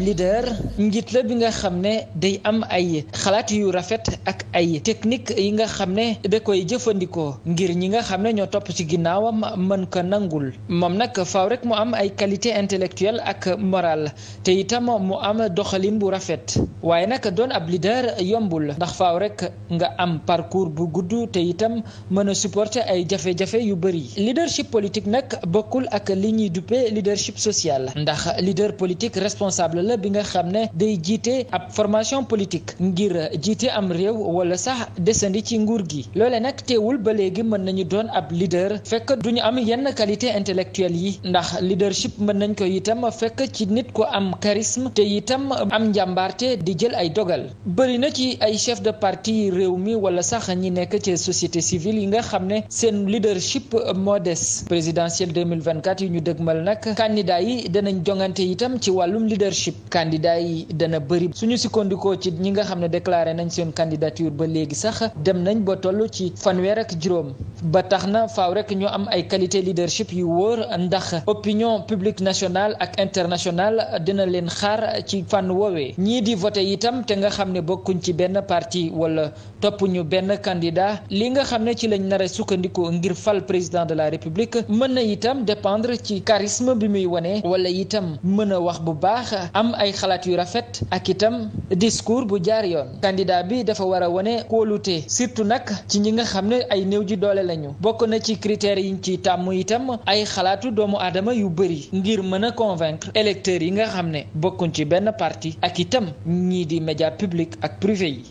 leader njiit la bi nga xam ne day am ay xalaat yu rafet ak ay technique yi nga xam ne da koy jëfandikoo ngir ñi nga xam ne ñoo topp ci ginnaaw am mën ko nangul moom nag faw rek mu am ay qualité intellectuelle ak morale te itam mu am doxalin bu rafet waaye nag doon ab leader yombul ndax faw rek nga am parcours bu gudd te itam mën a supporter ay jafe-jafe yu bëri leadership politique nag bokkul ak li ñuy duppe leadership social ndax leader politique la bi nga xam ne day jiite ab formation politique ngir jiite am réew wala sax desandi ci nguur gi loole nag teewul ba léegi mën nañu doon ab leader fekk duñu am yenn qualité intellectuelle yi ndax leadership mën nañ ko itam fekk ci nit ko am charisme te itam am njàmbaarte di jël ay dogal bëri na ci ay chef de parti réew mi wala sax ñi nekk ci société civile yi nga xam ne seen leadership moo des présidentielle 2024 yi ñu dëgmal nag candidat yi danañ jongante itam ci wàllum leadership candidat yi dana bëri suñu sukkandikoo ci ñi nga xam ne déclaré nañ seen candidature ba léegi sax dem nañ ba toll ci fanweer ak juróom ba tax na faaw rek ñu am ay qualité leadership yu wóor ndax opinion publique nationale ak internationale dina leen xaar ci fànn woowee ñii di voté itam te nga xam ne bokkuñ ci benn parti wala topp ñu benn candidat li nga xam ne ci lañ nar sukkandikoo ngir fal président de la république mën na itam dépendre ci am ay xalaat yu rafet ak itam discours bu jaar yoon candidat bi dafa war a wane kóolute surtout nag ci ñi nga xam ne ay néew ji doole lañu bokk na ci critères yiñ ci tàmm itam ay xalaatu doomu aadama yu bëri ngir mën a convaincre électeurs yi nga xam ne bokkuñ ci benn parti ak itam ñii di média public ak privé yi